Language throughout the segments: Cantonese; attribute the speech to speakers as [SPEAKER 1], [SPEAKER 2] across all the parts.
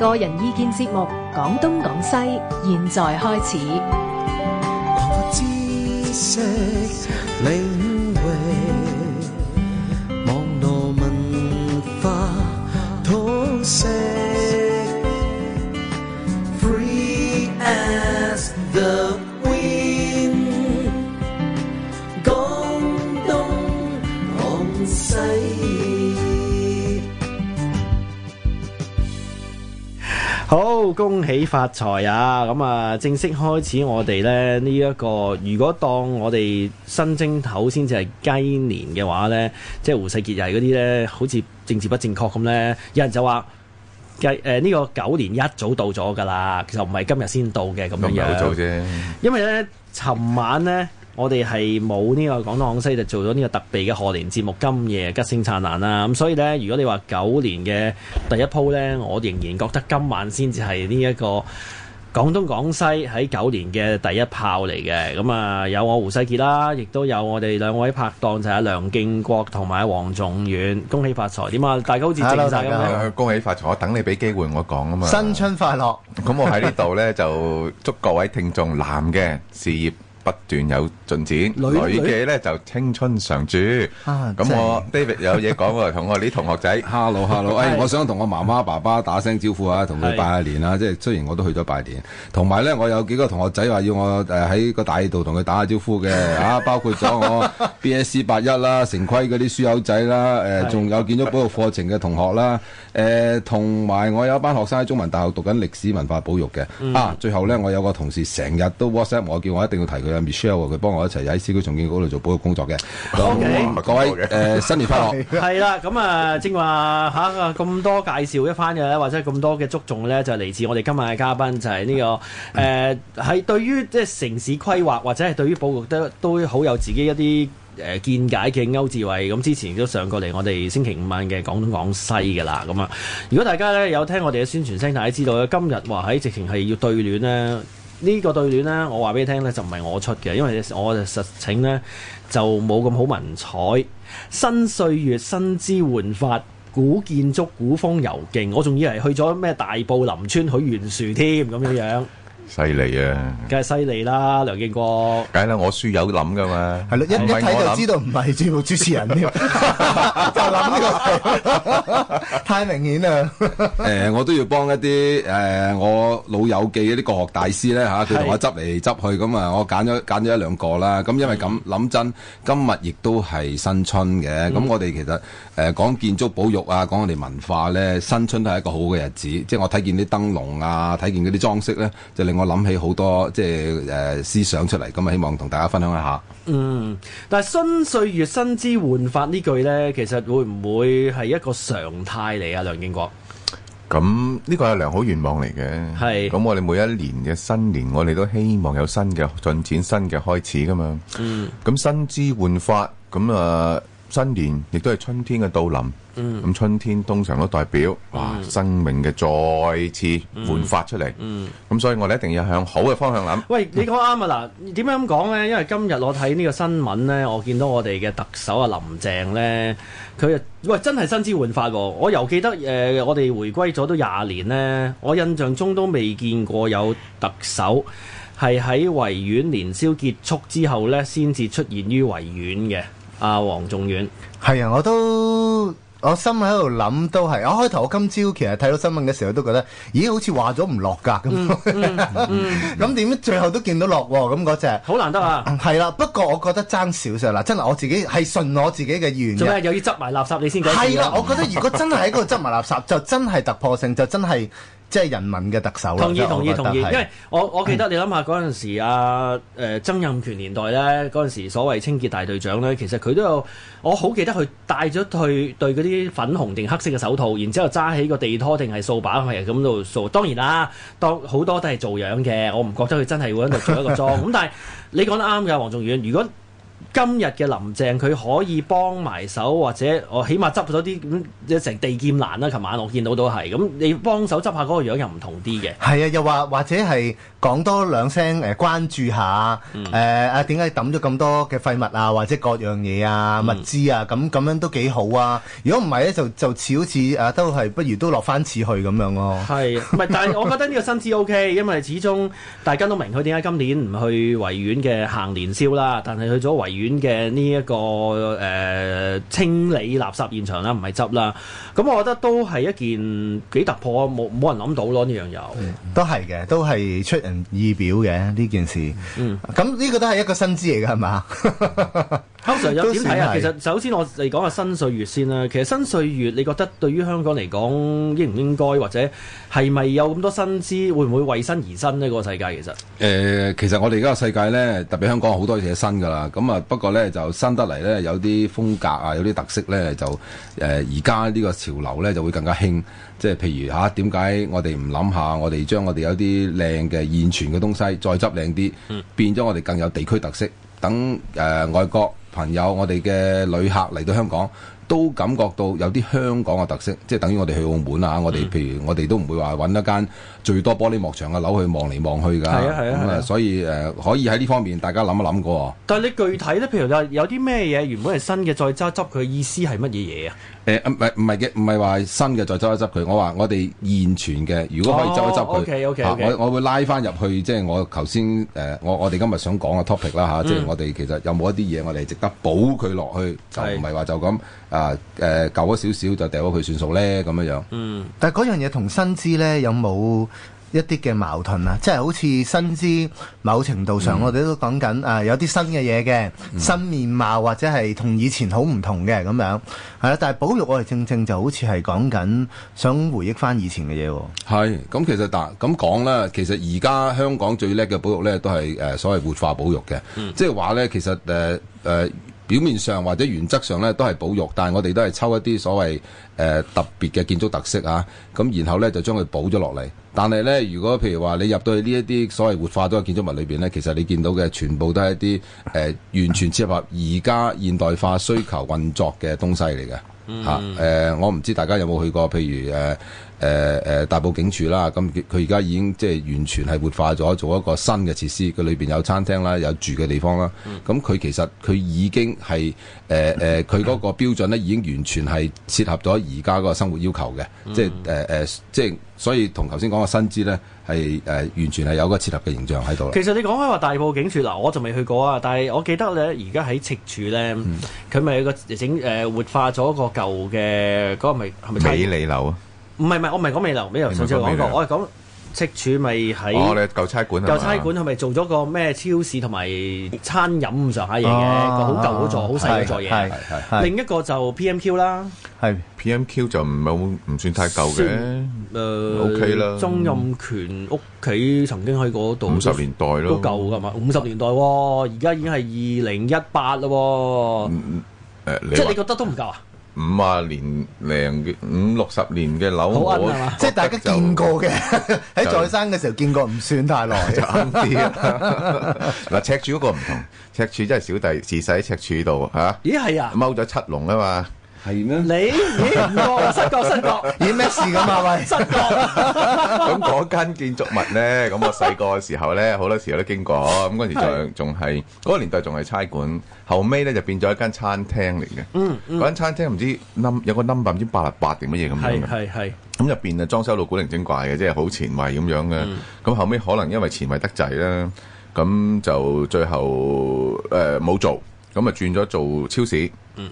[SPEAKER 1] 個人意見節目講東講西現在開始。 好，恭喜發財啊咁啊，正式開始我哋呢呢一個，如果當我哋新正頭先至係雞年嘅話呢，即係胡世傑又係嗰啲呢好似政治不正確咁呢，有人就話呢、呢個九年一早到咗噶啦，其實唔係今日先到嘅咁樣。今啫，因為呢尋晚呢。我哋係冇呢個廣東廣西就做咗呢個特備嘅賀年節目《今夜吉星燦爛》啦，咁所以呢，如果你話九年嘅第一鋪呢，我仍然覺得今晚先至係呢一個廣東廣西喺九年嘅第一炮嚟嘅。咁啊，有我胡世傑啦，亦都有我哋兩位拍檔就係梁敬國同埋阿黃仲遠，恭喜發財點啊！大家好似正晒咁樣。大家，
[SPEAKER 2] 恭喜發財！我等你俾機會我講啊嘛。新
[SPEAKER 1] 春快樂！咁 我喺呢
[SPEAKER 2] 度呢，就祝各位聽眾男嘅事業，不斷有進展，女嘅呢就青春常駐。
[SPEAKER 3] 咁、啊、我 David 有嘢講
[SPEAKER 2] 喎， 同我啲同學仔，hello hello，、哎、我想
[SPEAKER 3] 同我媽媽爸爸打聲招呼啊，同佢拜下年啊，即係雖然我都去咗拜年，同埋呢，我有幾個同學仔話要我喺個、呃、大度同佢打下招呼嘅啊，包括咗我 BSC 八一啦， 城規嗰啲書友仔啦，仲、呃、有建築保育課程嘅同學啦，同、呃、埋我有一班學生喺中文大學讀緊歷史文化保育嘅、嗯、啊。最後呢，我有個同事成日都 WhatsApp 我叫我一定要提佢。Michelle 佢幫我一齊喺市區重建局嗰度做保育工作嘅。OK，各位、呃、新年快樂。係 啦
[SPEAKER 1] 快，咁 啊正話嚇咁多介紹一番嘅或者咁多嘅祝頌咧，就嚟、是、自我哋今日嘅嘉賓，就係、是、呢、這個誒喺、呃、對於即城市規劃或者係對於保育都都好有自己一啲誒見解嘅區志偉。咁之前都上過嚟我哋星期五晚嘅廣東廣西㗎啦。咁啊，如果大家咧有聽我哋嘅宣傳聲，大家知道今日話喺直情係要對聯呢。呢、這個對聯呢，我話俾你聽呢就唔係我出嘅，因為我實情呢，就冇咁好文采。新歲月新姿煥發，古建築古風猶勁。我仲以為去咗咩大埔林村許願樹添咁樣樣。犀利啊！梗係犀利啦，梁敬國。梗係啦，我書有諗㗎嘛。係咯，一睇就知
[SPEAKER 4] 道唔係節目主持人添。 就諗呢個 太明顯啦。
[SPEAKER 3] 誒、 欸，我都要幫一啲誒、呃、我老友記嗰啲國學大師咧嚇，佢、啊、同我執嚟執去，咁啊，我揀咗揀咗一兩個啦。咁因為咁諗真，今日亦都係新春嘅。咁、嗯、我哋其實誒、呃、講建築保育啊，講我哋文化咧，新春都係一個好嘅日子。即係我睇見啲燈籠啊，睇見嗰啲裝飾咧、啊，就令我諗起好多即係誒、呃、思想出嚟，咁啊，希望同大家分享一下。嗯，
[SPEAKER 1] 但係新歲月新姿煥發呢句呢，其實會唔會係一個常態嚟啊？梁建國，
[SPEAKER 2] 咁呢個係良好願望嚟嘅。係，咁我哋每一年嘅新年，我哋都希望有新嘅進展、新嘅開始㗎嘛。嗯，咁新姿煥發，咁啊。呃新年亦都係春天嘅到臨，咁、嗯、春天通常都代表、嗯、哇，生命嘅再次煥發出嚟，咁、嗯嗯、所以我哋一定要向好嘅方向諗。
[SPEAKER 1] 喂，你講啱啊！嗱，點樣咁講呢？因為今日我睇呢個新聞呢，我見到我哋嘅特首啊林鄭呢，佢，喂，真係新姿煥發喎、啊！我又記得誒、呃，我哋回歸咗都廿年呢，我印象中都未見過有特首係喺維園年宵結束之後呢先至出現於維園嘅。阿、啊、黃仲遠，係啊！我都
[SPEAKER 4] 我心喺度諗，都係我開頭我今朝其實睇到新聞嘅時候，我都覺得咦，好似話咗唔落㗎咁。咁點解最後都見到落喎？咁嗰隻好難得啊！係啦，不過我覺得爭少少啦，真係我自己係信我自己嘅願的。做咩
[SPEAKER 1] 又要執埋垃圾你先？係啦，我覺得如果真
[SPEAKER 4] 係喺度執埋垃圾， 就真係突破性，就真係。即係人民嘅特首，同意同意同意，因為
[SPEAKER 1] 我我記得你諗下嗰陣時啊，誒、呃、曾蔭權年代咧，嗰陣時所謂清潔大隊長咧，其實佢都有，我好記得佢戴咗對對嗰啲粉紅定黑色嘅手套，然之後揸起一個地拖定係掃把，係咁度掃。當然啦，當好多都係做樣嘅，我唔覺得佢真係會喺度做一個裝。咁 但係你講得啱㗎，黃仲遠，如果。今日嘅林鄭佢可以幫埋手，或者我起碼執咗啲即成地劍難啦、啊。琴晚我見到都係咁，你幫手執下嗰，那個樣又唔同啲嘅。
[SPEAKER 4] 係啊，又話或者係講多兩聲誒關注一下誒啊？點解抌咗咁多嘅廢物啊？或者各樣嘢啊、物資啊？咁咁樣，樣都幾好啊！如果
[SPEAKER 1] 唔係咧，就就似好似啊，都係不如都落翻次去咁樣咯、啊。係、啊，唔 但係我覺得呢個心思 OK，因為始終大家都明佢點解今年唔去維園嘅行年宵啦，但係去咗維。院嘅呢一個誒、呃、清理垃圾現場啦，唔係執啦，咁我覺得都係一件幾突破，冇冇人諗到咯呢樣嘢，
[SPEAKER 4] 都係嘅，都係出人意表嘅呢件事。咁、嗯、呢個都係一個新知嚟嘅，
[SPEAKER 1] 係嘛？嗯 通常有點睇啊？其實首先我嚟講下新歲月先啦、啊。其實新歲月，你覺得對於香港嚟講，應唔應該或者係咪有咁多新姿？會唔會為新而新呢？個世界其實
[SPEAKER 3] 誒、呃，其實我哋而家個世界咧，特別香港好多嘢新噶啦。咁啊，不過咧就新得嚟咧，有啲風格啊，有啲特色咧，就誒而家呢個潮流咧就會更加興。即、就、係、是、譬如吓點解我哋唔諗下，我哋將我哋有啲靚嘅現存嘅東西再執靚啲，嗯、變咗我哋更有地區特色。等誒、呃、外國。朋友，我哋嘅旅客嚟到香港都感覺到有啲香港嘅特色，即係等於我哋去澳門啊！我哋，嗯，譬如我哋都唔會話揾一間。最多玻璃幕牆嘅樓去望嚟望去㗎，咁啊，啊，所以誒、呃、可以喺呢方面大家諗一諗過。
[SPEAKER 1] 但係你具體咧，譬如話有啲咩嘢原本係新嘅再執一執佢，意思係乜嘢嘢啊？誒唔係
[SPEAKER 3] 唔係嘅，唔係話新嘅再執一執佢。我話我哋現存嘅，如果可以執一執佢、哦 okay, okay, okay. 啊，我我會拉翻入去，即係我頭先誒，我我哋今日想講嘅 topic 啦、啊、吓、嗯，即係我哋其實有冇一啲嘢我哋值得補佢落去，就唔係話就咁啊誒舊咗少
[SPEAKER 4] 少就掉咗佢算數咧咁樣樣。嗯，但係嗰樣嘢同新資咧有冇？一啲嘅矛盾啊，即係好似新知某程度上，嗯、我哋都講緊誒有啲新嘅嘢嘅新面貌，或者係同以前好唔同嘅咁樣，係啦。但係保育我哋正正就好似係講緊想回憶翻以前嘅嘢喎。係咁，其實但咁
[SPEAKER 3] 講啦，其實而家香港最叻嘅保育咧，都係誒所謂活化保育嘅，即係話咧，即係、其實誒、呃呃表面上或者原則上呢都係保育，但係我哋都係抽一啲所謂誒、呃、特別嘅建築特色啊，咁然後呢，就將佢保咗落嚟。但係呢，如果譬如話你入到去呢一啲所謂活化咗嘅建築物裏面呢，其實你見到嘅全部都係一啲誒、呃、完全切合而家現代化需求運作嘅東西嚟嘅、嗯啊呃、我唔知大家有冇去過，譬如誒。呃誒、呃、誒大埔警署啦，咁佢而家已經即係完全係活化咗，做一個新嘅設施。佢裏面有餐廳啦，有住嘅地方啦。咁、嗯、佢其實佢已經係誒誒，佢、呃、嗰個標準呢已經完全係適合咗而家嗰個生活要求嘅、嗯。即係、呃、即所以同頭先講嘅新姿呢，係、呃、誒完全係有個適合嘅形象喺度。其實
[SPEAKER 1] 你講開話大埔警署嗱，我就未去過啊，但係我記得咧，而家喺赤柱咧，佢咪有個整、呃、活化咗一個舊嘅嗰、嗰個咪係咪？美利樓啊！唔係唔係，我唔係講美林，美林上次講過，我係講赤柱，咪喺，我哋舊差館。舊差館佢咪做咗個咩超市同埋餐飲上下嘢嘅個好舊嗰座，好細嗰座嘢。另一個就 P M Q 啦。
[SPEAKER 4] 係
[SPEAKER 2] P M Q 就唔係唔算太舊嘅。
[SPEAKER 1] 誒 O K 啦。曾蔭權屋企曾經喺嗰度。五十年代咯，都舊㗎嘛，五十年代喎，而家已經係二零一八啦喎。誒，即係你覺得都唔夠啊？
[SPEAKER 2] 五啊年零五六十年嘅樓，即係大
[SPEAKER 4] 家見過嘅，喺在 生嘅時候見過，唔算太耐就啱啲。
[SPEAKER 2] 嗱 赤柱嗰個唔同，赤柱真係小弟自細喺赤柱度吓、啊，咦係啊，踎咗七龍啊嘛。係咩？你咦、欸？失覺失
[SPEAKER 4] 覺，咦？咩事咁啊？喂！失
[SPEAKER 2] 覺咁嗰間建築物咧，咁我細個嘅時候咧， 好多時候都經過。咁嗰時仲仲係嗰個年代仲係差館，後尾咧就變咗一間餐廳嚟嘅。嗯，嗰、嗯、間餐廳唔知 number 有個 number 百分之八十八定乜嘢咁樣係係咁入邊啊，裝修到古靈精怪嘅，即係好前衛咁樣嘅。咁、嗯、後尾可能因為前衛得制啦，咁就最後誒冇、呃、做，咁啊轉咗做超市。嗯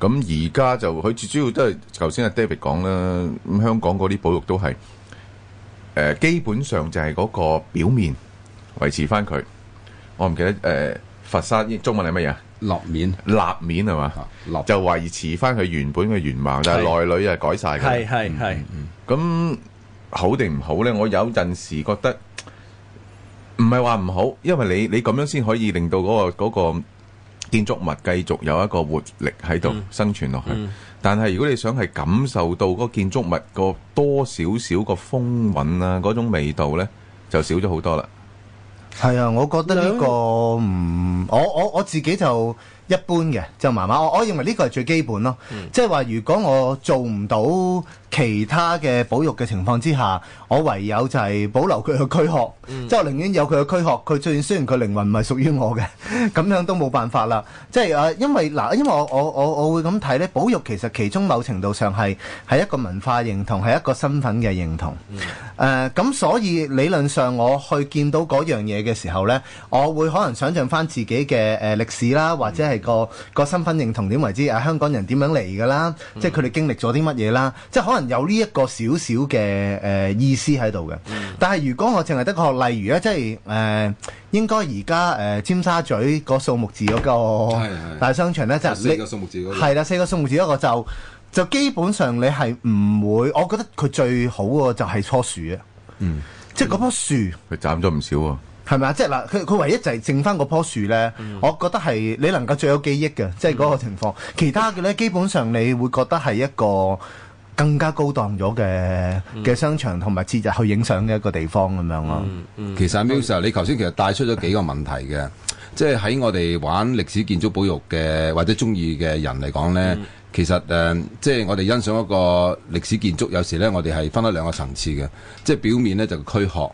[SPEAKER 2] 咁而家就佢最主要都係，頭先阿 David 講啦，咁香港嗰啲保育都係、呃，基本上就係嗰個表面維持翻佢。我唔記得誒、呃、佛山中文係乜嘢？立面。立面係嘛、啊？就維持翻佢原本嘅原貌，但係內裏啊改曬佢係係係。咁、嗯、好定唔好咧？我有陣時覺得唔係話唔好，因為你你咁樣先可以令到嗰個嗰個。嗰個建築物繼續有一個活力喺度生存落去，嗯嗯、但係如果你想係感受到嗰個建築物個多少少個風韻啊，嗰種味道呢，就少咗好多啦。
[SPEAKER 4] 係啊，我覺得呢、呢個唔、yeah. 嗯，我我我自己就。一般嘅就麻麻，我我認為呢個係最基本咯。即係話如果我做唔到其他嘅保育嘅情況之下，我唯有就係保留佢嘅軀殼，即、嗯、係、就是、我寧願有佢嘅軀殼，佢最雖然佢靈魂唔係屬於我嘅，咁 樣都冇辦法啦。即係誒因為嗱、啊，因為我我我我會咁睇咧，保育其實其中某程度上係係一個文化認同，係一個身份嘅認同。誒、嗯、咁，啊、所以理論上我去見到嗰樣嘢嘅時候咧，我會可能想象翻自己嘅誒歷史啦，或者係。個，個身份認同點為之啊？香港人點樣嚟㗎啦？即係佢哋經歷咗啲乜嘢啦？即係可能有呢一個少少嘅誒意思喺度嘅。但係如果我淨係得個例如咧，即係誒、呃、應該而家誒尖沙咀個數目字嗰個大商場咧，就係、是、四個數目字嗰個，係啦，四個數目字一個就就基本上你係唔會。我覺得佢最好個就係初樹啊、嗯，即係嗰棵樹，
[SPEAKER 2] 佢斬咗唔少喎、啊。
[SPEAKER 4] 係咪啊？即係嗱，佢佢唯一就係剩翻嗰棵樹咧、嗯，我覺得係你能夠最有記憶嘅，即係嗰個情況。嗯、其他嘅咧，基本上你會覺得係一個更加高檔咗嘅嘅商場同埋節日去影相嘅一個地方咁樣咯、嗯嗯。
[SPEAKER 3] 其實阿 m u 你頭先其實帶出咗幾個問題嘅、嗯，即係喺我哋玩歷史建築保育嘅或者中意嘅人嚟講咧、嗯，其實誒、呃，即係我哋欣賞一個歷史建築，有時咧我哋係分咗兩個層次嘅，即係表面咧就係、軀殼。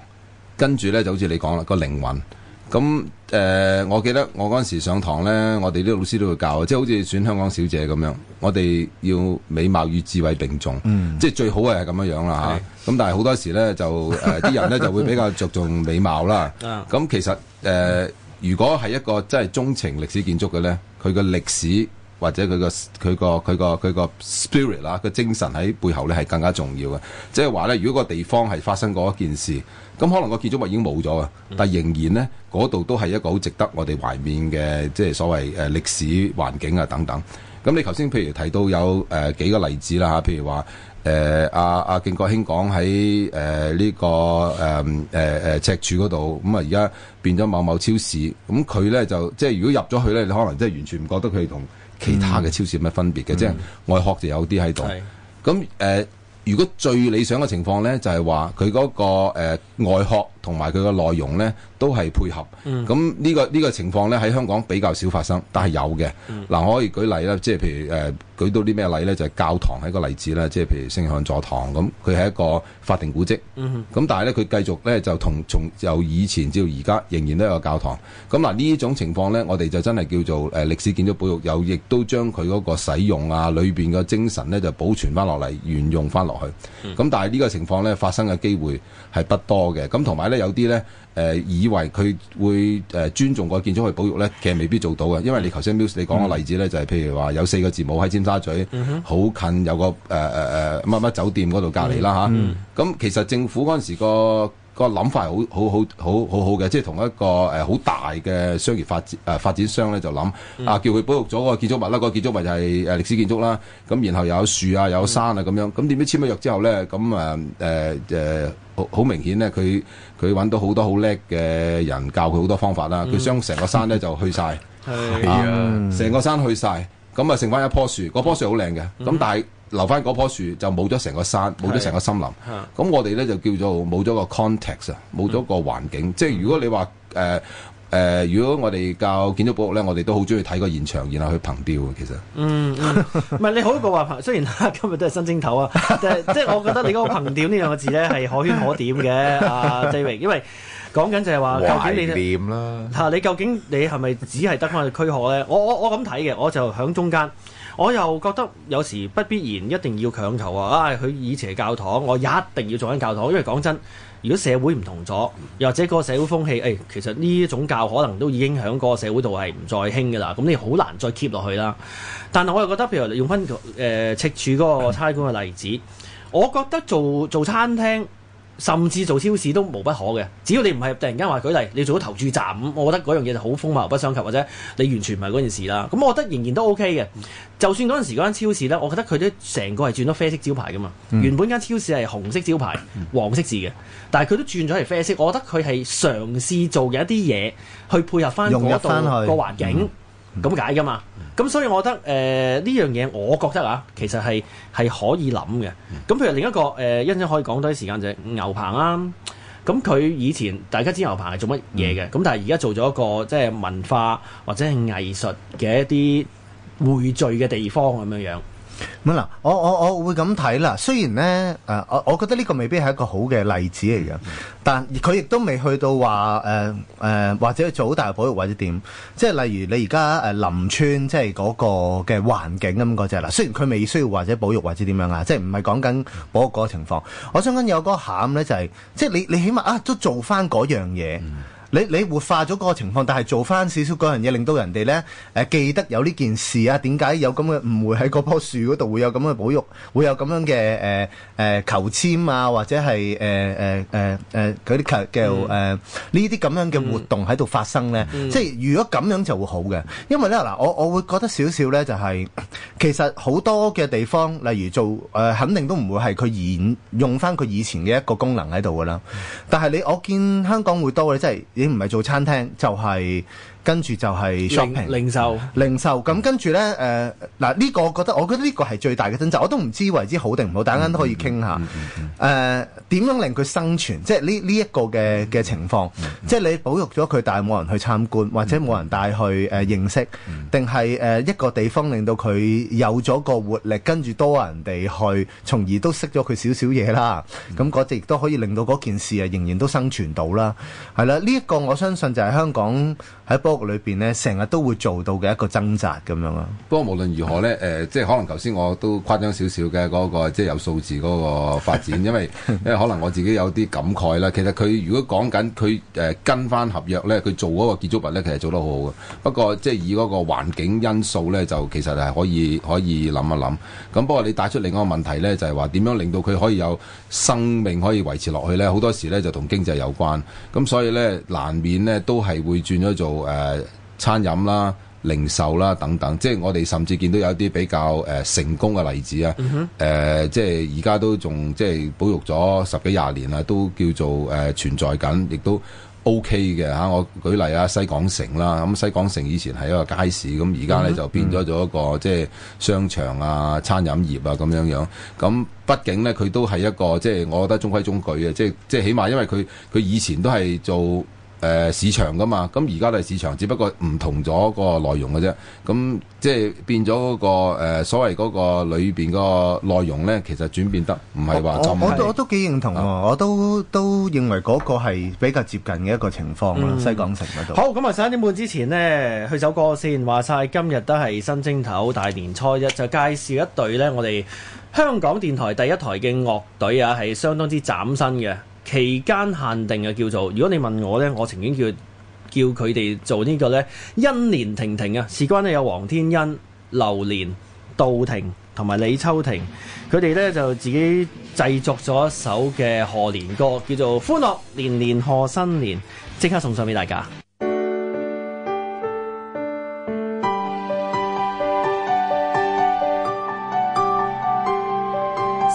[SPEAKER 3] 跟住呢，就好似你講啦，個靈魂咁誒、呃。我記得我嗰陣時上堂呢，我哋啲老師都會教，即係好似選香港小姐咁樣，我哋要美貌與智慧並重，嗯、即係最好係咁樣樣啦嚇。咁、啊、但係好多時呢，就啲、呃、人呢就會比較着重美貌啦。咁 其實誒、呃，如果係一個真係鍾情歷史建築嘅呢，佢個歷史或者佢個佢個佢個佢個 spirit 啦個精神喺背後呢係更加重要嘅，即係話呢，如果個地方係發生過一件事。咁可能個建築物已經冇咗啊，但仍然呢嗰度都係一個好值得我哋懷念嘅，即係所謂誒、呃、歷史環境啊等等。咁你頭先譬如提到有誒、呃、幾個例子啦、啊、譬如話誒阿阿敬國興講喺誒呢個誒誒誒赤柱嗰度，咁啊而家變咗某某超市。咁、嗯、佢呢就即係如果入咗去呢，你可能即係完全唔覺得佢同其他嘅超市有乜分別嘅、嗯，即係外殼就有啲喺度。咁如果最理想嘅情況咧，就係話佢嗰個呃外殼。同埋佢嘅內容呢都係配合。咁、嗯、呢、這個呢、這個情況呢，喺香港比較少發生，但係有嘅。嗱、嗯，啊、我可以舉例啦，即係譬如誒、呃、舉到啲咩例呢？就係、是、教堂係一個例子啦。即係譬如聖向座堂咁，佢、嗯、係一個法定古蹟。咁、嗯、但係呢，佢繼續呢，就同從由以前至到而家，仍然都有個教堂。咁嗱呢種情況呢，我哋就真係叫做誒歷、呃、史建築保育又，亦都將佢嗰個使用啊裏面嘅精神呢，就保存翻落嚟，沿用翻落去。咁、嗯、但係呢個情況呢，發生嘅機會係不多嘅。咁同埋呢。有啲咧，誒、呃、以為佢會誒、呃、尊重個建築去保育咧，其實未必做到嘅，因為你頭先 Muse 你講個例子咧、嗯，就係、是、譬如話有四個字母喺尖沙咀，好、嗯、近有個誒誒誒乜乜酒店嗰度隔籬啦吓，咁、嗯嗯、其實政府嗰陣時個。那個諗法係好好好好，好好好好好好嘅，即係同一個誒好、呃、大嘅商業發展、呃、發展商咧就諗、嗯、啊，叫佢保育咗個建築物啦，那個建築物就係、是呃、歷史建築啦。咁然後又有樹啊，又有山啊咁樣。咁、嗯、點、嗯、知簽咗約之後咧，咁誒誒好好明顯咧，佢佢揾到好多好叻嘅人教佢好多方法啦。佢將成個山咧就去晒，
[SPEAKER 2] 啊，
[SPEAKER 3] 成、啊、個山去晒，咁啊剩翻一樖樹，嗰樖樹好靚嘅。咁、嗯、但留翻嗰棵樹就冇咗成個山，冇咗成個森林。咁、啊、我哋咧就叫做冇咗個 context 啊，冇咗個環境。嗯、即係如果你話誒、呃呃、如果我哋教建築保育咧，我哋都好中意睇個現場，然後去憑吊嘅其實。嗯，
[SPEAKER 1] 唔、嗯、係你好過話、啊、憑。 雖然今日都係新正頭啊， 即係即係我覺得你嗰個憑吊呢兩個字咧係可圈可點嘅 啊 j e 因為講緊就係話究竟你點啦？你究竟你係咪只係得翻軀殼咧？我我我咁睇嘅，我就喺中間。我又覺得有時不必然一定要強求啊！啊，佢以前教堂，我一定要做緊教堂，因為講真，如果社會唔同咗，又或者個社會風氣，誒、哎，其實呢種教可能都已經喺個社會度係唔再興㗎啦，咁你好難再 keep 落去啦。但係我又覺得，譬如用翻誒、呃、赤柱嗰個差館嘅例子，我覺得做做餐廳。甚至做超市都無不可嘅，只要你唔係突然間話舉例，你做咗投注站咁，我覺得嗰樣嘢就好風馬牛不相及，或者你完全唔係嗰件事啦。咁我覺得仍然都 OK 嘅。就算嗰陣時嗰間超市呢，我覺得佢都成個係轉咗啡色招牌㗎嘛。嗯、原本間超市係紅色招牌、嗯、黃色字嘅，但係佢都轉咗係啡色。我覺得佢係嘗試做嘅一啲嘢去配合返嗰度個環境。嗯咁、嗯、解㗎嘛？咁所以我覺得誒呢、呃、樣嘢，我覺得啊，其實係係可以諗嘅。咁譬如另一個誒，呃、一陣可以講多啲時間就係、是、牛棚啦、啊。咁佢以前大家知牛棚係做乜嘢嘅？咁、嗯、但係而家做咗一個即係文化或者係藝術嘅一啲匯聚嘅地方咁樣樣。咁、嗯、嗱，我我我
[SPEAKER 4] 會咁睇啦。雖然咧，誒、呃，我我覺得呢個未必係一個好嘅例子嚟嘅，但佢亦都未去到話誒誒，或者做好大嘅保育，或者點，即係例如你而家誒林村，即係嗰個嘅環境咁嗰隻啦。雖然佢未需要或者保育，或者點樣啊，即係唔係講緊保育嗰個情況、嗯。我想講有嗰個餡咧，就係、是、即係你你起碼啊，都做翻嗰樣嘢。嗯你你活化咗嗰個情況，但係做翻少少嗰樣嘢，令到人哋咧誒記得有呢件事啊？點解有咁嘅唔會喺嗰棵樹嗰度會有咁嘅保育，會有咁樣嘅誒誒求籤啊，或者係誒誒誒誒啲叫誒呢啲咁樣嘅活動喺度發生咧、嗯？即係如果咁樣就會好嘅，因為咧嗱，我我會覺得少少咧，就係、是、其實好多嘅地方，例如做誒、呃，肯定都唔會係佢演用翻佢以前嘅一個功能喺度噶啦。但係你我見香港會多嘅，即係唔係做餐廳，就係、是。跟住就係 shopping、零售、零售咁，跟住咧，誒嗱呢個，我覺得我覺得呢個係最大嘅爭執，我都唔知為之好定唔好，大家都可以傾下。誒點樣令佢生存？即係呢呢一個嘅嘅情況，即係你保育咗佢，但係冇人去參觀，或者冇人帶去誒認識，定係誒一個地方令到佢有咗個活力，跟住多人哋去，從而都識咗佢少少嘢啦。咁嗰隻亦都可以令到嗰件事啊，仍然都生存到啦。係啦，呢一個我相信就係香港。喺波裏面呢，成日都會做到嘅一個掙扎咁樣咯。不
[SPEAKER 3] 過無論如何呢，誒、呃，即係可能頭先我都誇張少少嘅嗰個，即係有數字嗰個發展， 因為因為可能我自己有啲感慨啦。其實佢如果講緊佢誒跟翻合約呢，佢做嗰個建築物呢，其實做得好好嘅。不過即係以嗰個環境因素呢，就其實係可以可以諗一諗。咁不過你帶出另一個問題呢，就係話點樣令到佢可以有生命可以維持落去呢？好多時呢，就同經濟有關。咁所以呢，難免呢，都係會轉咗做。誒、呃，餐飲啦、零售啦等等，即係我哋甚至見到有啲比較誒、呃、成功嘅例子啊。誒、mm -hmm. 呃，即係而家都仲即係保育咗十幾廿年啦，都叫做誒、呃、存在緊，亦都 O K 嘅吓。我舉例啊，西港城啦，咁西港城以前係一個街市，咁而家呢就變咗做一個、mm -hmm. 即係商場啊、餐飲業啊咁樣樣。咁畢竟呢，佢都係一個即係我覺得中規中矩啊，即係即係起碼因為佢佢以前都係做。誒、呃、市場㗎嘛，咁而家都係市場，只不過唔同咗個內容嘅啫。咁即係變咗嗰、那個、呃、所謂嗰個裏邊嗰個內容
[SPEAKER 4] 呢，其實轉變得唔係話咁。我我，我，都我都幾認同喎、啊啊，我都都認為嗰個係比較接近嘅一個情況啦、啊。西港城喺度。好，
[SPEAKER 1] 咁啊，十一點半之前呢，去首歌先，話晒今日都係新正頭大年初一，就介紹一隊呢，我哋香港電台第一台嘅樂隊啊，係相當之嶄新嘅。期間限定嘅叫做，如果你問我呢，我曾經叫叫佢哋做呢個呢「恩年婷婷」啊，事關呢有黃天恩、劉年、杜婷同埋李秋婷，佢哋呢就自己製作咗一首嘅賀年歌，叫做歡樂年年賀新年，即刻送上俾大家。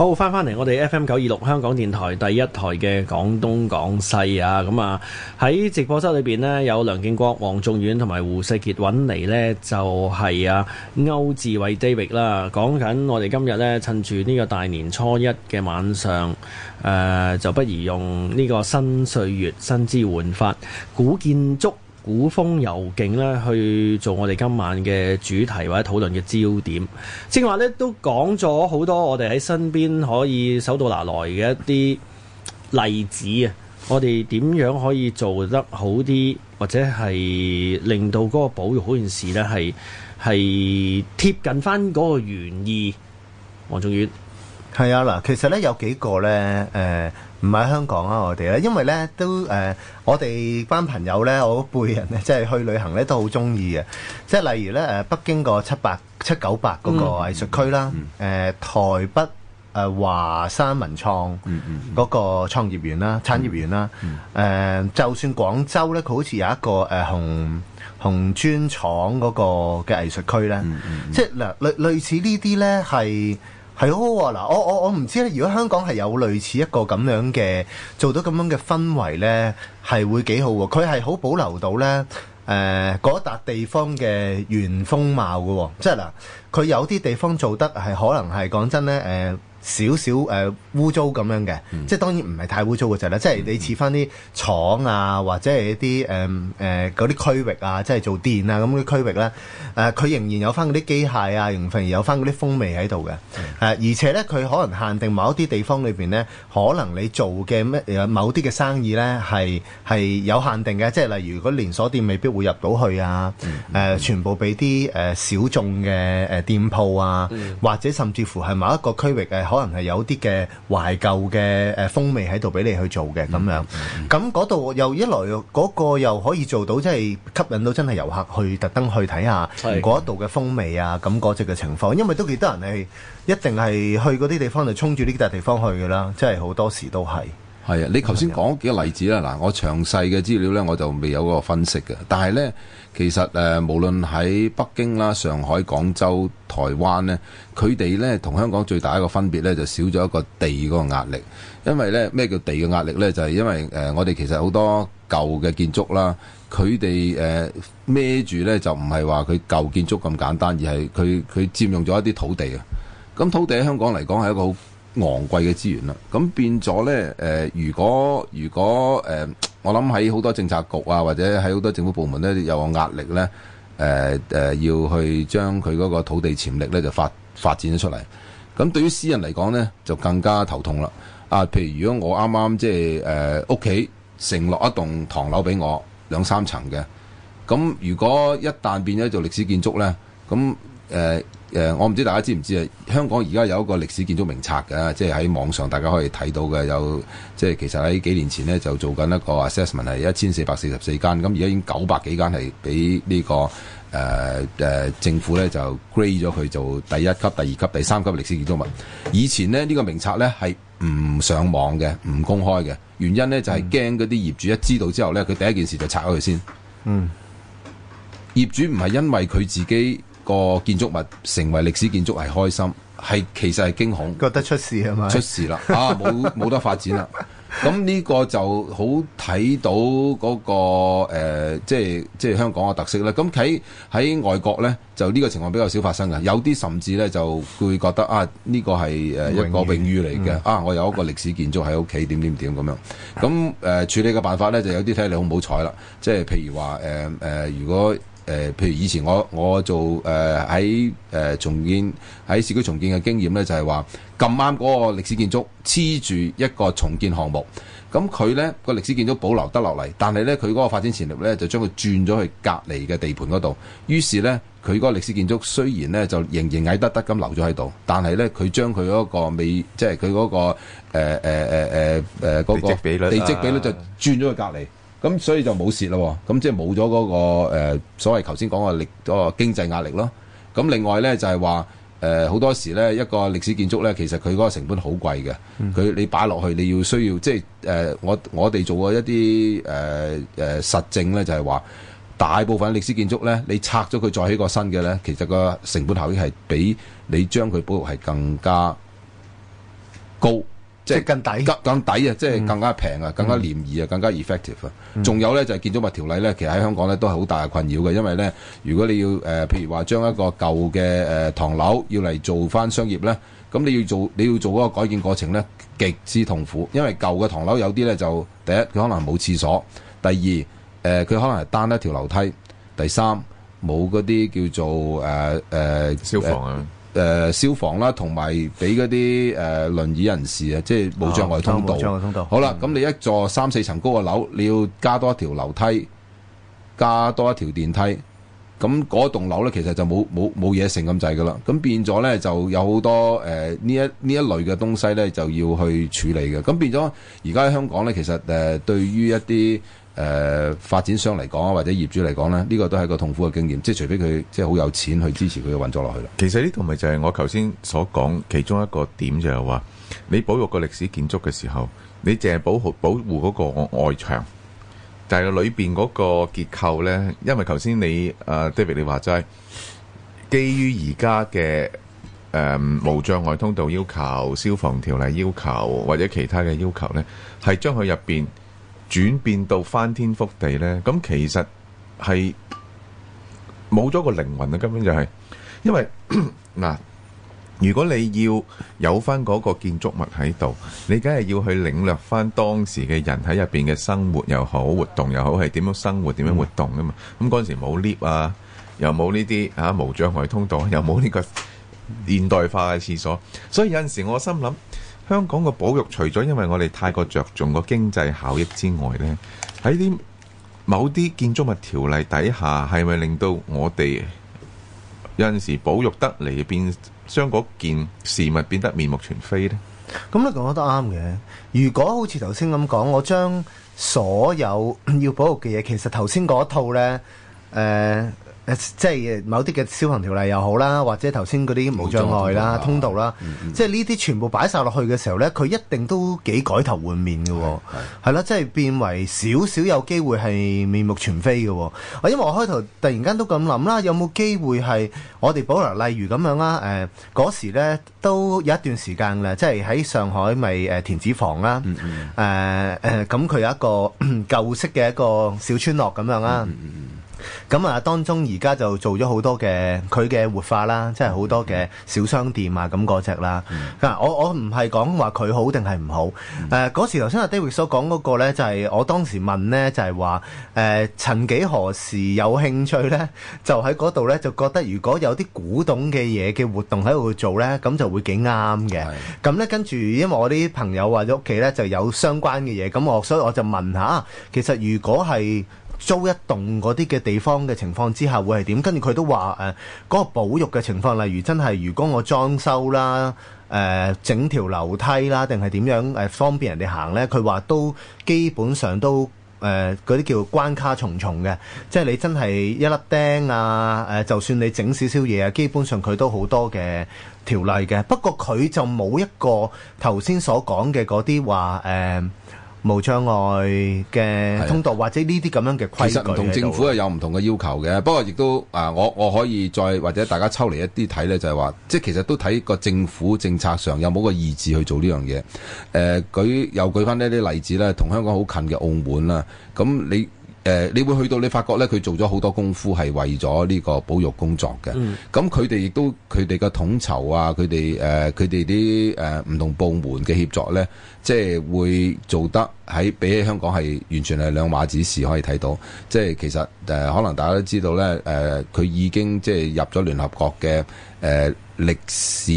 [SPEAKER 1] 好，翻返嚟，我哋 FM 九二六香港電台第一台嘅講東講西啊，咁啊喺直播室裏邊咧，有梁敬國、黃仲遠同埋胡世傑揾嚟咧，就係、是、啊區志偉 David 啦，講緊我哋今日咧，趁住呢個大年初一嘅晚上，誒、呃，就不如用呢個新歲月新姿煥發古建築。古風猶勁咧，去做我哋今晚嘅主題或者討論嘅焦點，正話咧都講咗好多我哋喺身邊可以手到拿來嘅一啲例子啊。我哋點樣可以做得好啲，或者係令到嗰個保育嗰件事呢，係係貼近翻嗰個原意？黃仲
[SPEAKER 4] 遠，係啊，嗱，其實呢有幾個呢。誒、呃。唔係香港啊！我哋咧，因為咧都誒，我哋班朋友咧，我輩人咧，即係去旅行咧，都好中意嘅。即係例如咧誒，北京個七百七九八嗰個藝術區啦，誒台北誒華山文創嗰個創業園啦、產業園啦，誒就算廣州咧，佢好似有一個誒紅紅專廠嗰個嘅藝術區咧，即係嗱類類似呢啲咧係。係好嗱，我我我唔知咧。如果香港係有類似一個咁樣嘅做到咁樣嘅氛圍咧，係會幾好喎。佢係好保留到咧誒嗰笪地方嘅原風貌嘅，即係嗱，佢有啲地方做得係可能係講真咧誒少少誒污糟咁樣嘅，嗯、即係當然唔係太污糟嘅就係啦，嗯、即係你似翻啲廠啊，或者係一啲誒誒嗰啲區域啊，即係做電啊咁啲區域咧、啊，誒、呃、佢仍然有翻嗰啲機械啊，仍然有翻嗰啲風味喺度嘅，誒、嗯啊、而且咧佢可能限定某一啲地方裏面咧，可能你做嘅咩某啲嘅生意咧係係有限定嘅，即係例如如果連鎖店未必會入到去啊，誒、嗯嗯呃、全部俾啲誒小眾嘅、呃、店鋪啊，嗯、或者甚至乎係某一個區域嘅、啊。可能係有啲嘅懷舊嘅誒風味喺度，俾你去做嘅咁樣。咁嗰度又一來，嗰、嗰個又可以做到，即、就、係、是、吸引到真係遊客去特登去睇下嗰一度嘅風味啊。咁嗰隻嘅情況，因為都幾多人係一定係去嗰啲地方，就衝住呢啲笪地方去噶啦。即係好多時都係係啊。你頭先講幾個例
[SPEAKER 3] 子啦。嗱，我詳細嘅資料呢，我就未有個分析嘅，但係呢。其實誒、呃，無論喺北京啦、上海、廣州、台灣呢，佢哋呢同香港最大一個分別呢，就少咗一個地嗰個壓力。因為呢咩叫地嘅壓力呢？就係、是、因為誒、呃，我哋其實好多舊嘅建築啦，佢哋誒孭住呢就唔係話佢舊建築咁簡單，而係佢佢佔用咗一啲土地啊。咁土地喺香港嚟講係一個好昂貴嘅資源啦。咁變咗呢，誒、呃，如果如果誒。呃我諗喺好多政策局啊，或者喺好多政府部門咧，有壓力咧，誒、呃、誒、呃，要去將佢嗰個土地潛力咧就發發展咗出嚟。咁對於私人嚟講咧，就更加頭痛啦。啊，譬如如果我啱啱即係誒屋企承落一棟唐樓俾我兩三層嘅，咁如果一旦變咗做歷史建築咧，咁誒。呃誒，我唔知大家知唔知啊？香港而家有一個歷史建築名冊嘅，即係喺網上大家可以睇到嘅，有即係其實喺幾年前呢，就做緊一個 assessment 係一千四百四十四間，咁而家已經九百幾間係俾呢個誒、呃呃、政府呢，就 grade 咗佢做第一級、第二級、第三級歷史建築物。以前呢，呢、呢個名冊呢係唔上網嘅、唔公開嘅，原因呢，就係驚嗰啲業主一知道之後呢，佢第一件事就拆咗佢先。嗯，業主唔係因為佢自己。個建築物成為歷史建築係開心，係其實係驚
[SPEAKER 4] 恐，覺得出事係嘛？是吧出事啦，
[SPEAKER 3] 啊冇冇得發展啦。咁 呢個就好睇到嗰、那個誒、呃，即係即係香港嘅特色啦。咁喺喺外國呢就呢個情況比較少發生嘅。有啲甚至呢就會覺得啊，呢、這個係誒一個榮譽嚟嘅啊，我有一個歷史建築喺屋企，點點點咁樣。咁誒、呃、處理嘅辦法呢就有啲睇你好唔好彩啦。即係譬如話誒誒，如果誒、呃，譬如以前我我做誒喺誒重建喺市區重建嘅經驗咧，就係話咁啱嗰個歷史建築黐住一個重建項目，咁佢咧個歷史建築保留得落嚟，但係咧佢嗰個發展潛力咧就將佢轉咗去隔離嘅地盤嗰度，於是咧佢嗰個歷史建築雖然咧就仍然矮得得咁留咗喺度，但係咧佢將佢嗰個未即係佢嗰個誒誒誒誒誒嗰個地積比率就轉咗去隔離。咁所以就冇蝕咯，咁即係冇咗嗰個、呃、所謂頭先講嘅力嗰個經濟壓力咯。咁另外呢，就係話誒好多時呢，一個歷史建築呢，其實佢嗰個成本好貴嘅，佢、嗯、你擺落去你要需要即係誒、呃、我我哋做過一啲誒誒實證呢，就係話大部分歷史建築呢，你拆咗佢再起個新嘅呢，其實個成本效益係比你將佢保育係更加高。即係更抵，更抵啊！即係更加平啊、嗯，更加廉宜啊，更加 effective 啊！仲、嗯、有呢，就係、是、建築物條例呢。其實喺香港呢，都係好大嘅困擾嘅，因為呢，如果你要誒、呃，譬如話將一個舊嘅誒、呃、唐樓要嚟做返商業呢，咁你要做你要做嗰個改建過程呢，極之痛苦，因為舊嘅唐樓有啲呢，就第一佢可能冇廁所，第二誒佢、呃、可能係單一條樓梯，第三冇嗰啲叫做誒誒、呃呃、消防啊。誒、呃、消防啦，同埋俾嗰啲誒輪椅人士啊，即係冇障礙通道。冇、啊啊、障礙通道。好啦，咁、嗯、你一座三四層高嘅樓，你要加多一條樓梯，加多一條電梯，咁嗰棟樓呢，其實就冇冇冇嘢剩咁滯噶啦。咁變咗呢，就有好多誒呢、呃、一呢一類嘅東西呢，就要去處理嘅。咁變咗，而家香港呢，其實誒、呃、對於一啲，誒、呃、發展商嚟講啊，或者業主嚟講咧，呢個都係一個痛苦嘅經驗，即係除非佢即係好有錢去支持佢嘅運作落去啦。其實呢度咪就係我頭先所講其中一個
[SPEAKER 2] 點、就是，就係話你保育個歷史建築嘅時候，你淨係保，保護保護嗰個外牆，但係裏邊嗰個結構咧，因為頭先你啊、呃、David 你話齋，基於而家嘅誒無障礙通道要求、消防條例要求或者其他嘅要求呢，係將佢入邊，轉變到翻天覆地呢，咁其實係冇咗個靈魂啊！根本就係，因為嗱，如果你要有翻嗰個建築物喺度，你梗係要去領略翻當時嘅人喺入邊嘅生活又好，活動又好，係點樣生活、點樣活動啊嘛！咁嗰陣時冇 lift 啊，又冇呢啲啊無障礙通道，又冇呢個現代化嘅廁所，所以有陣時我心諗。香港嘅保育除咗因為我哋太過着重個經濟效益之外呢，喺啲某啲建築物條例底下，係咪令到我哋有陣時保育得嚟變將嗰件事物變得面目
[SPEAKER 4] 全非呢？咁你講得啱嘅。如果好似頭先咁講，我將所有要保育嘅嘢，其實頭先嗰套呢。誒、呃。即係某啲嘅消防條例又好啦，或者頭先嗰啲無障礙啦、通道啦、嗯嗯，即係呢啲全部擺晒落去嘅時候呢，佢一定都幾改頭換面嘅喎、哦，係、嗯、啦、嗯，即係變為少少有機會係面目全非嘅喎、哦。因為我開頭突然間都咁諗啦，有冇機會係我哋保留例如咁樣啦？誒、呃，嗰時呢都有一段時間啦，即係喺上海咪、呃、填田子坊啦，誒咁佢有一個舊式嘅一個小村落咁樣啦、啊。嗯嗯嗯咁啊，當中而家就做咗好多嘅佢嘅活化啦，即係好多嘅小商店啊，咁嗰隻啦。嗱、mm.，我我唔係講話佢好定係唔好。誒、mm. 呃，嗰時頭先阿 David 所講嗰個呢，就係、是、我當時問呢，就係話誒，曾幾何時有興趣呢？就喺嗰度呢，就覺得如果有啲古董嘅嘢嘅活動喺度做呢，咁就會幾啱嘅。咁、mm. 呢，跟住因為我啲朋友話喺屋企呢就有相關嘅嘢，咁我所以我就問下，其實如果係租一棟嗰啲嘅地方嘅情況之下會係點？跟住佢都話嗰、呃嗰個保育嘅情況，例如真係如果我裝修啦、誒、呃、整條樓梯啦，定係點樣誒、呃、方便人哋行呢？佢話都基本上都誒嗰啲叫關卡重重嘅，即係你真係一粒釘啊！呃、就算你整少少嘢啊，基本上佢都好多嘅條例嘅。不過佢就冇一個頭先所講嘅嗰啲話誒。呃無障礙嘅通道，或者呢啲咁樣嘅規則，其實唔同政府係
[SPEAKER 3] 有唔同嘅要求嘅。不過亦都啊、呃，我我可以再或者大家抽離一啲睇呢，就係、是、話、就是，即係其實都睇個政府政策上有冇個意志去做呢樣嘢。誒、呃，舉又舉翻呢啲例子咧，同香港好近嘅澳門啦，咁你。誒、呃，你會去到你發覺呢，佢做咗好多功夫係為咗呢個保育工作嘅。咁佢哋亦都佢哋嘅統籌啊，佢哋誒佢哋啲誒唔同部門嘅協作呢，即係會做得喺比起香港係完全係兩碼子事可以睇到。即係其實誒、呃，可能大家都知道呢，誒、呃、佢已經即係入咗聯合國嘅誒、呃、歷史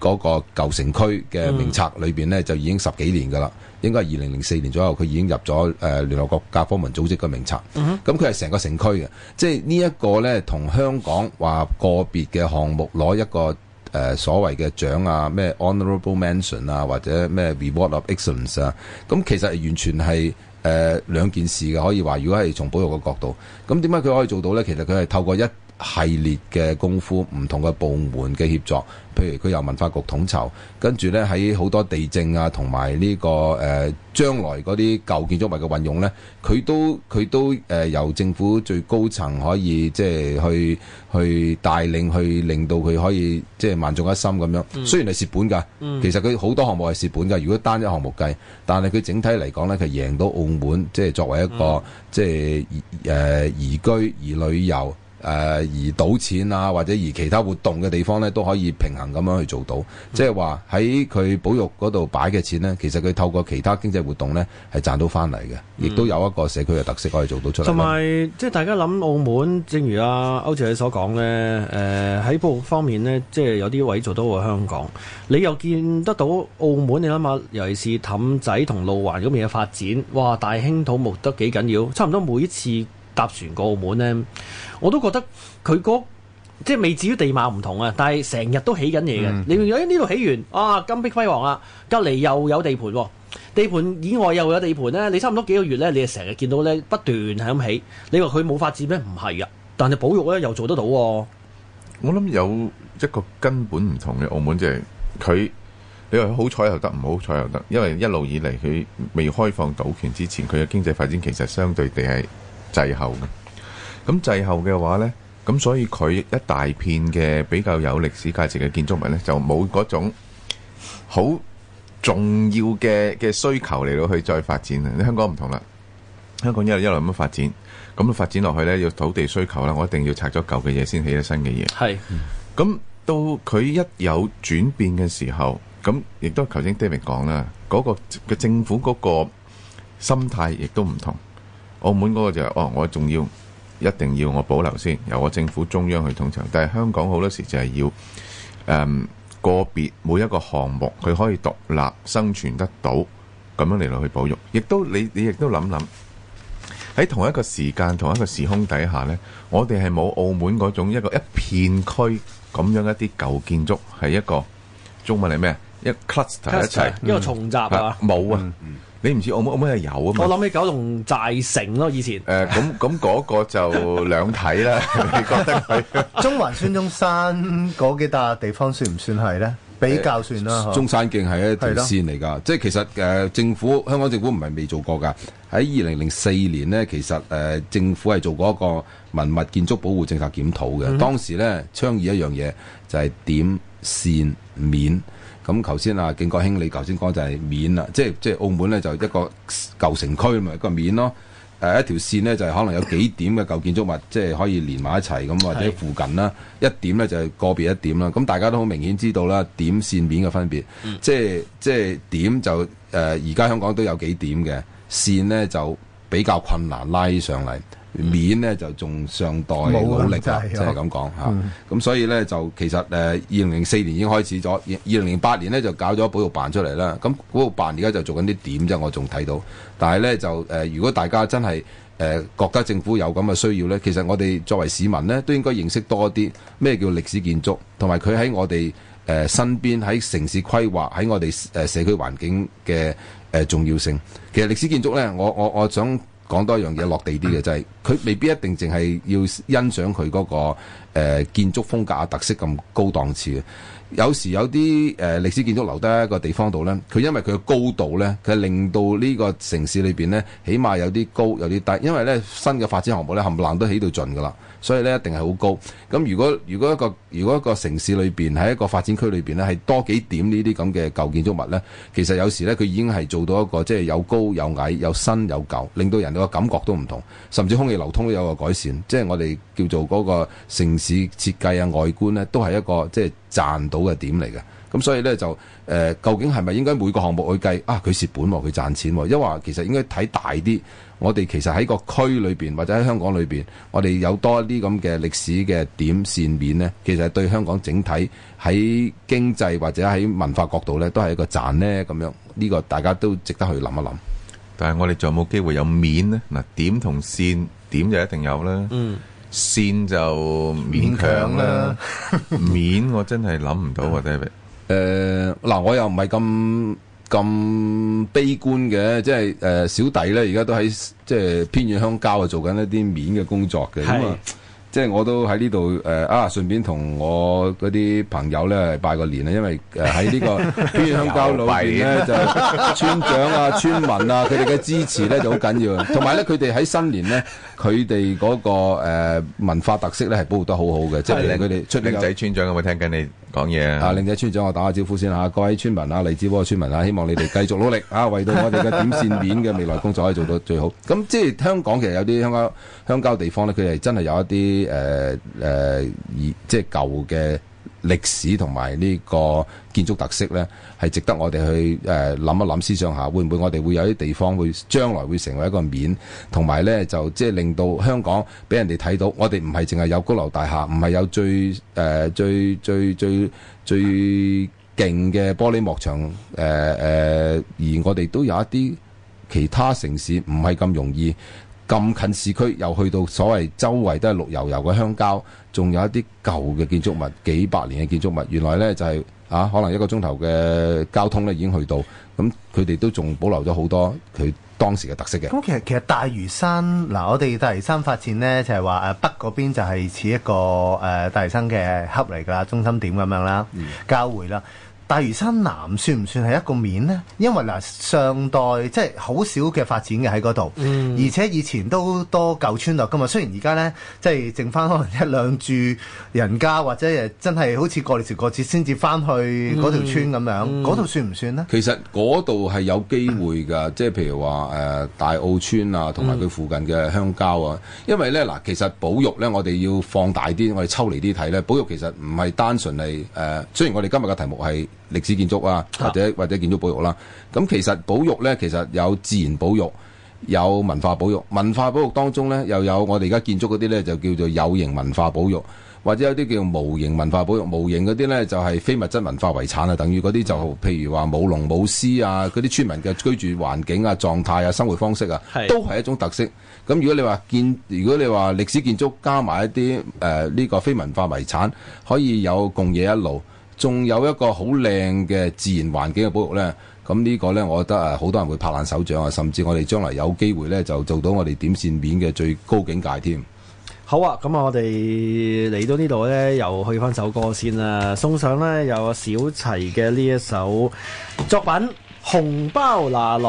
[SPEAKER 3] 嗰個舊城區嘅名冊裏面呢，就已經十幾年㗎喇。嗯。應該係二零零四年左右，佢已經入咗誒、呃、聯合國教科文組織嘅名冊。咁佢係成個城區嘅，即係呢一個呢，同香港話個別嘅項目攞一個誒、呃、所謂嘅獎啊，咩 honorable mention 啊，或者咩 reward of excellence 啊，咁、嗯、其實完全係誒、呃、兩件事嘅，可以話。如果係從保育嘅角度，咁點解佢可以做到呢？其實佢係透過一系列嘅功夫，唔同嘅部門嘅協作，譬如佢由文化局統籌，跟住咧喺好多地政啊，同埋呢個誒、呃、將來嗰啲舊建築物嘅運用咧，佢都佢都誒、呃、由政府最高層可以即係去去帶領，去令到佢可以即係萬眾一心咁樣、嗯。雖然係蝕本㗎、嗯，其實佢好多項目係蝕本㗎。如果單一項目計，但係佢整體嚟講咧，佢贏到澳門即係作為一個、嗯、即係誒宜居而旅遊。誒、呃、而賭錢啊，或者而其他活動嘅地方呢，都可以平衡咁樣去做到。即係話喺佢保育嗰度擺嘅錢呢，其實佢透過其他經濟活動呢，係賺到翻嚟嘅，亦、嗯、都有一個社區嘅特色可以做到出嚟。同埋
[SPEAKER 1] 即係大家諗澳門，正如阿區志偉你所講呢，誒喺保育方面呢，即、就、係、是、有啲位做到好香港。你又見得到澳門？你諗下，尤其是氹仔同路環嗰邊嘅發展，哇！大興土木得幾緊要，差唔多每一次，搭船過澳門呢，我都覺得佢嗰、嗰個、即係未至於地貌唔同啊、嗯、啊。但係成日都起緊嘢嘅，你見啊呢度起完啊金碧輝煌啊，隔離又有地盤、哦，地盤以外又有地盤呢，你差唔多幾個月呢，你就成日見到呢，不斷係咁起。你話佢冇發展咩？唔係啊，但係保育呢又做得到、哦。
[SPEAKER 2] 我諗有一個根本唔同嘅澳門，即係佢你話好彩又得，唔好彩又得，因為一路以嚟佢未開放賭權之前，佢嘅經濟發展其實相對地係。滯後嘅，咁滯後嘅話呢，咁所以佢一大片嘅比較有歷史價值嘅建築物呢，就冇嗰種好重要嘅嘅需求嚟到去再發展啊。你香港唔同啦，香港一路一路咁樣發展，咁發展落去呢，要土地需求啦，我一定要拆咗舊嘅嘢，先起咗新嘅嘢。係，咁到佢一有轉變嘅時候，咁亦都頭先 David 講啦，嗰、嗰個嘅政府嗰個心態亦都唔同。澳門嗰個就係、是，哦，我仲要一定要我保留先，由我政府中央去統籌。但係香港好多時就係要誒、嗯、個別每一個項目，佢可以獨立生存得到，咁樣嚟落去保育。亦都你你亦都諗諗喺同一個時間同一個時空底下呢，我哋係冇澳門嗰種一個一片區咁樣一啲舊建築係一個中文係咩？一 cluster 一齊，一個重集啊，冇啊。嗯嗯你唔知澳門澳門係有啊嘛？我諗起九龍寨城咯，以前。誒、呃，咁咁嗰個就兩體啦， 你覺得
[SPEAKER 4] 係， 中環、孫中山嗰幾笪地方算唔算係咧？比較算啦，中
[SPEAKER 3] 山徑係一條線嚟㗎，即係其實誒、呃、政府香港政府唔係未做過㗎。喺二零零四年呢，其實誒、呃、政府係做過一個文物建築保護政策檢討嘅、嗯。當時咧，倡議一樣嘢就係、是、點線面。咁頭先啊，景國興敬國兄你頭先講就係面啦，即係即係澳門咧就一個舊城區嘛。個、就是、面咯，誒一條線咧就係可能有幾點嘅舊建築物，即係可以連埋一齊咁，或者附近啦，一點咧就個別一點啦。咁大家都好明顯知道啦，點線面嘅分別，嗯、即係即係點就誒而家香港都有幾點嘅線咧就比較困難拉上嚟。嗯、面呢就仲尚待努力真、就係嗯、啊，即係咁講嚇。咁所以呢，就其實誒，二零零四年已經開始咗，二零零八年呢就搞咗保育辦出嚟啦。咁保育辦在在點點而家就做緊啲點啫，我仲睇到。但係呢，就誒、呃，如果大家真係誒、呃、國家政府有咁嘅需要呢，其實我哋作為市民呢，都應該認識多啲咩叫歷史建築，同埋佢喺我哋誒、呃、身邊喺城市規劃喺我哋誒、呃、社區環境嘅、呃、重要性。其實歷史建築呢，我我我想。講多一樣嘢落地啲嘅，就係、是、佢未必一定淨係要欣賞佢嗰、那個、呃、建築風格特色咁高檔次嘅。有時有啲誒、呃、歷史建築留低一個地方度呢，佢因為佢嘅高度呢，佢係令到呢個城市裏面呢，起碼有啲高有啲低，因為呢新嘅發展項目呢，冚唪唥都起到盡㗎喇。所以呢，一定係好高，咁如果如果一個如果一個城市裏面，喺一個發展區裏面呢，呢係多幾點呢啲咁嘅舊建築物呢？其實有時呢，佢已經係做到一個即係有高有矮有新有舊，令到人哋嘅感覺都唔同，甚至空氣流通都有個改善，即係我哋叫做嗰個城市設計啊，外觀呢，都係一個即係賺到嘅點嚟嘅。咁所以呢，就誒、呃，究竟係咪應該每個項目去計啊？佢蝕本喎、啊，佢賺錢喎、啊，因為其實應該睇大啲。我哋其實喺個區裏面，或者喺香港裏面，我哋有多一啲咁嘅歷史嘅點線面呢，其實對香港整體喺經濟或者喺文化角度呢，都係一個賺呢咁樣。呢、這個大家都值得去諗一諗。但係我哋仲有冇機會有
[SPEAKER 2] 面呢？嗱，點同線，點就一定有啦。嗯，線就勉
[SPEAKER 3] 強啦。強 面我真係諗唔到、呃、David。嗱、呃，我又唔係咁。咁悲觀嘅，即係誒小弟咧，而家都喺即係偏遠鄉郊啊，做緊一啲面嘅工作嘅，咁啊。即係我都喺呢度誒啊！順便同我嗰啲朋友咧拜個年，因為誒喺呢個邊鄉郊路邊咧，就村長啊、 村民啊，佢哋嘅支持咧就好緊要。同埋咧，佢哋喺新年呢，佢哋嗰個、呃、文化特色咧係保護得好好嘅，即係令佢哋出。靚仔
[SPEAKER 2] 村長有冇聽緊你講嘢啊？靚
[SPEAKER 3] 仔村長，我打下招呼先嚇、啊，各位村民啊，荔枝窩嘅村民啊，希望你哋繼續努力啊，為到我哋嘅點線面嘅未來工作可以做到最好。咁即係香港其實有啲鄉郊鄉郊地方咧，佢係真係有一啲。啲、呃、誒、呃、即係舊嘅歷史同埋呢個建築特色呢，係值得我哋去誒諗、呃、一諗思想下，會唔會我哋會有啲地方會將來會成為一個面，同埋呢，就即係令到香港俾人哋睇到，我哋唔係淨係有高樓大廈，唔係有最誒、呃、最最最最勁嘅玻璃幕牆誒誒、呃呃，而我哋都有一啲其他城市唔係咁容易。咁近市區，又去到所謂周圍都係綠油油嘅鄉郊，仲有一啲舊嘅建築物，幾百年嘅建築物。原來呢就係、是、啊，可能一個鐘頭嘅交通呢已經去到，咁佢哋都仲保留咗好多佢當時嘅特色嘅。咁其
[SPEAKER 4] 實其實大嶼山嗱、啊，我哋大嶼山發展呢，就係、是、話、啊、北嗰邊就係似一個誒、啊、大嶼山嘅核嚟㗎，中心點咁樣啦、嗯，交匯啦。大嶼山南算唔算係一個面呢？因為嗱，上代即係好少嘅發展嘅喺嗰度，而且以前都多舊村落噶嘛。雖然而家呢，即係剩翻可能一兩住人家，或者真係好似過年時過節先至翻去嗰條村咁樣，嗰、嗯、度、嗯、算唔算呢？
[SPEAKER 3] 其實嗰度係有機會㗎、嗯，即係譬如話誒、呃、大澳村啊，同埋佢附近嘅鄉郊啊。因為呢，嗱，其實保育呢，我哋要放大啲，我哋抽離啲睇呢。保育其實唔係單純係誒、呃。雖然我哋今日嘅題目係歷史建築啊，或者或者建築保育啦。咁其實保育呢，其實有自然保育，有文化保育。文化保育當中呢，又有我哋而家建築嗰啲呢，就叫做有形文化保育，或者有啲叫做無形文化保育。無形嗰啲呢，就係非物質文化遺產啊，等於嗰啲就譬如話舞龍舞獅啊，嗰啲村民嘅居住環境啊、狀態啊、生活方式啊，都係一種特色。咁如果你話建，如果你話歷史建築加埋一啲誒呢個非文化遺產，可以有共嘢一路。仲有一個好靚嘅自然環境嘅保育呢。咁呢個呢，我覺得啊，好多人會拍爛手掌啊，甚至我哋將來有機會呢，就做到我哋點線面嘅最高境界添。
[SPEAKER 1] 好啊，咁啊，我哋嚟到呢度呢，又去翻首歌先啦，送上呢，有小齊嘅呢一首作品《紅包拿來》。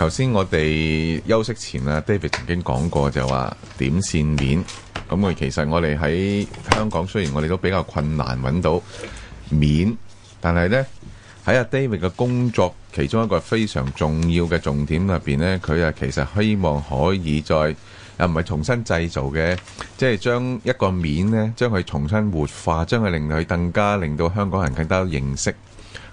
[SPEAKER 2] 頭先我哋休息前啊，David 曾經講過就話點線面咁。其實我哋喺香港雖然我哋都比較困難揾到面，但係呢，喺阿 David 嘅工作其中一個非常重要嘅重點入邊呢，佢啊其實希望可以再啊唔係重新製造嘅，即係將一個面呢，將佢重新活化，將佢令佢更加令到香港人更加認識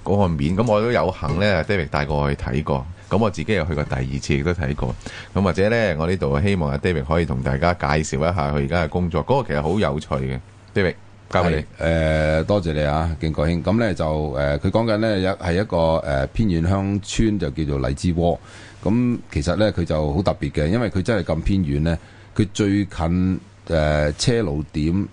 [SPEAKER 2] 嗰個面。咁我都有幸呢，David 帶過去睇過。咁我自己又去過第二次，亦都睇過。咁或者呢，我呢度希望阿 David 可以
[SPEAKER 3] 同大家介紹一下佢而家嘅工作。嗰、那個其實好有趣嘅 ，David，
[SPEAKER 2] 交俾你。
[SPEAKER 3] 誒、呃，多謝你啊，敬國兄。咁呢，就誒，佢講緊呢，一係一個誒、呃、偏遠鄉村就叫做荔枝窩。咁其實呢，佢就好特別嘅，因為佢真係咁偏遠呢。佢最近誒、呃、車路點。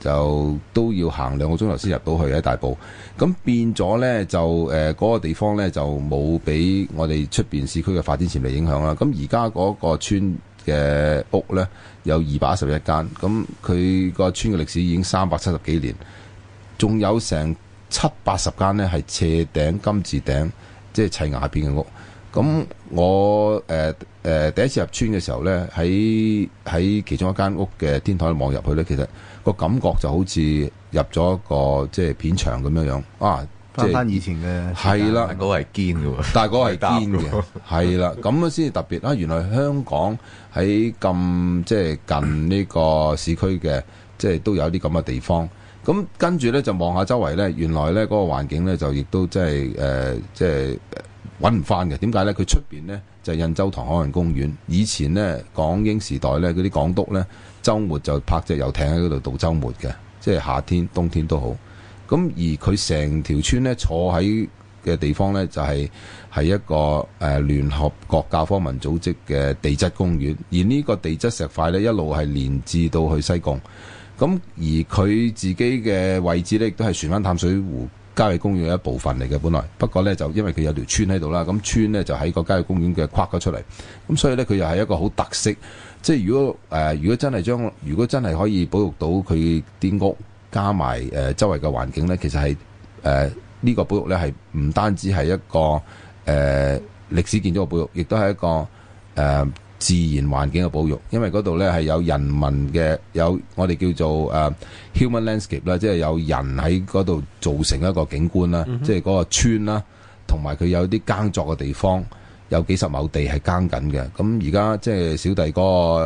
[SPEAKER 3] 就都要行兩個鐘頭先入到去，喺大埔。咁變咗呢，就誒嗰、呃嗰個地方呢，就冇俾我哋出邊市區嘅發展潛力影響啦。咁而家嗰個村嘅屋呢，有二百一十一間，咁佢個村嘅歷史已經三百七十幾年，仲有成七八十間呢，係斜頂、金字頂，即、就、係、是、砌瓦片嘅屋。咁我誒、呃呃、第一次入村嘅時候呢，喺喺其中一間屋嘅天台望入去呢，其實～個感覺就好似入咗一個即係、就是、片場咁樣樣啊！翻、就、翻、是、以前嘅係啦，嗰、那個係堅嘅，但係嗰個係堅嘅，係 啦，咁樣先至特別啊！原來香港喺咁即係近呢個市區嘅，即係都有啲咁嘅地方。咁跟住呢，就望下周圍呢。原來呢，嗰、那個環境呢，就亦都即係誒，即係搵唔翻嘅。點、就、解、是、呢？佢出邊呢，就是、印洲塘海洋公園，以前呢，港英時代呢，嗰啲港督呢。周末就泊隻遊艇喺度度周末嘅，即係夏天、冬天都好。咁而佢成條村呢坐喺嘅地方呢，就係、是、係一個誒、呃、聯合國教科文組織嘅地質公園，而呢個地質石塊呢，一路係連至到去西貢。咁而佢自己嘅位置呢，亦都係荃灣淡水湖郊野公園嘅一部分嚟嘅本來，不過呢，就因為佢有條村喺度啦，咁村呢，就喺個郊野公園嘅框咗出嚟，咁所以呢，佢又係一個好特色。即係如果誒、呃、如果真係將如果真係可以保育到佢啲屋，加埋誒、呃、周圍嘅環境咧，其實係誒呢個保育咧係唔單止係一個誒歷、呃、史建築嘅保育，亦都係一個誒、呃、自然環境嘅保育，因為嗰度咧係有人民嘅，有我哋叫做誒、呃、human landscape 啦，即係有人喺嗰度造成一個景觀啦，嗯，即係嗰個村啦，同埋佢有啲耕作嘅地方。有幾十畝地係耕緊嘅，咁而家即係小弟嗰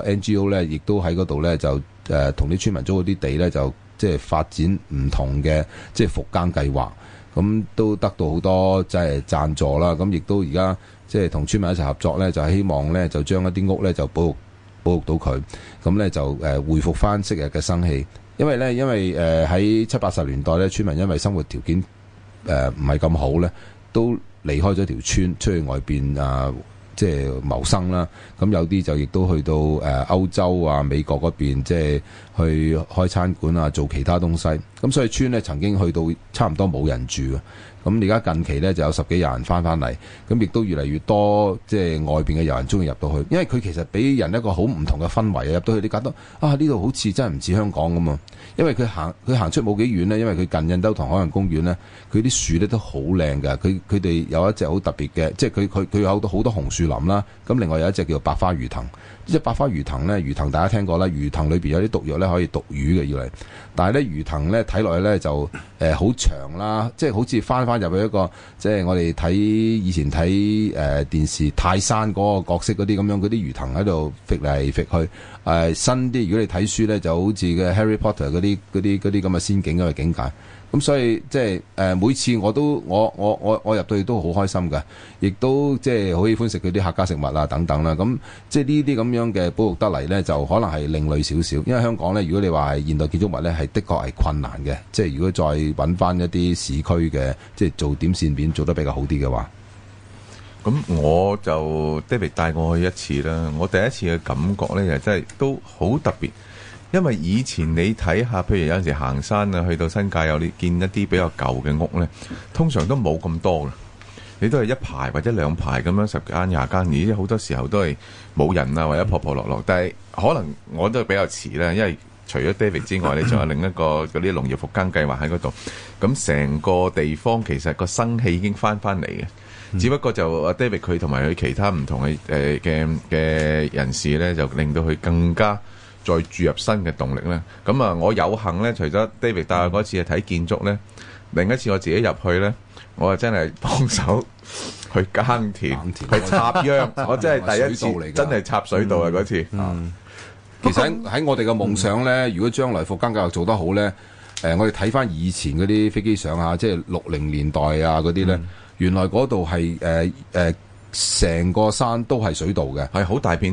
[SPEAKER 3] 個 NGO 呢，亦都喺嗰度呢，就誒同啲村民租嗰啲地呢，就即係發展唔同嘅即係復耕計劃，咁都得到好多即係、就是、贊助啦。咁亦都而家即係同村民一齊合作呢，就希望呢，就將一啲屋呢，就保育保育到佢，咁呢，就誒回復翻昔日嘅生氣。因為呢，因為誒喺、呃、七八十年代呢，村民因為生活條件唔係咁好呢，都，離開咗條村，出去外邊啊，即係謀生啦。咁有啲就亦都去到誒歐洲啊、美國嗰邊，即係去開餐館啊，做其他東西。咁所以村呢曾經去到差唔多冇人住嘅。咁而家近期呢，就有十幾人翻翻嚟，咁亦都越嚟越多即係、就是、外邊嘅遊人中意入到去，因為佢其實俾人一個好唔同嘅氛圍啊！入到去你覺得啊呢度好似真係唔似香港咁啊！因為佢行佢行出冇幾遠呢，因為佢近印洲塘海洋公園呢，佢啲樹呢都好靚㗎，佢佢哋有一隻好特別嘅，即係佢佢佢有好多紅樹林啦，咁另外有一隻叫白花魚藤。即係百花魚藤咧，魚藤大家聽過啦，魚藤裏面有啲毒藥咧，可以毒魚嘅要嚟。但係咧，魚藤咧睇落去咧就誒好長啦，即係好似返返入去一個，即係我哋睇以前睇誒電視泰山嗰個角色嗰啲咁樣，嗰啲魚藤喺度揈嚟揈去。誒新啲，如果你睇書咧，就好似嘅 Harry Potter 嗰啲嗰啲嗰啲咁嘅仙境咁嘅境界。咁、嗯、所以即係每次我都我我我我入到去都好開心嘅，亦都即係好喜歡食佢啲客家食物啊等等啦、啊。咁即係呢啲咁樣嘅保育得嚟呢，就可能係另類少少。因為香港呢，如果你話係現代建築物呢，係的確係困難嘅。即係如果再揾翻一啲市區嘅，即係做點線面做得比較好啲嘅話，咁我就 David 帶我去一次啦。我第一次嘅感覺呢，就是、真係都
[SPEAKER 2] 好特別。因為以前你睇下，譬如有陣時行山啊，去到新界有啲見一啲比較舊嘅屋呢，通常都冇咁多嘅，你都係一排或者兩排咁樣十間廿間，而好多時候都係冇人啊或者破破落落。但係可能我都係比較遲啦，因為除咗 David 之外你仲有另一個嗰啲農業復耕計劃喺嗰度。咁成個地方其實個生氣已經翻翻嚟嘅，只不過就 David 佢同埋佢其他唔同嘅誒嘅嘅人士呢，就令到佢更加。再注入新嘅動力咧，咁啊，我有幸咧，除咗 David 帶我嗰次係睇建築咧，另一次我自己入去咧，我啊真係幫手去耕
[SPEAKER 3] 田、去 插秧藥， 我真係第一次嚟，真係插水稻啊、嗯、次。嗯，其實喺我哋嘅夢想咧，如果將來復耕教育做得好咧，誒、呃、我哋睇翻以前啲飛機上啊，即係六零年代啊啲咧、嗯，原來度係誒誒成個山都係水稻嘅，係好大片田。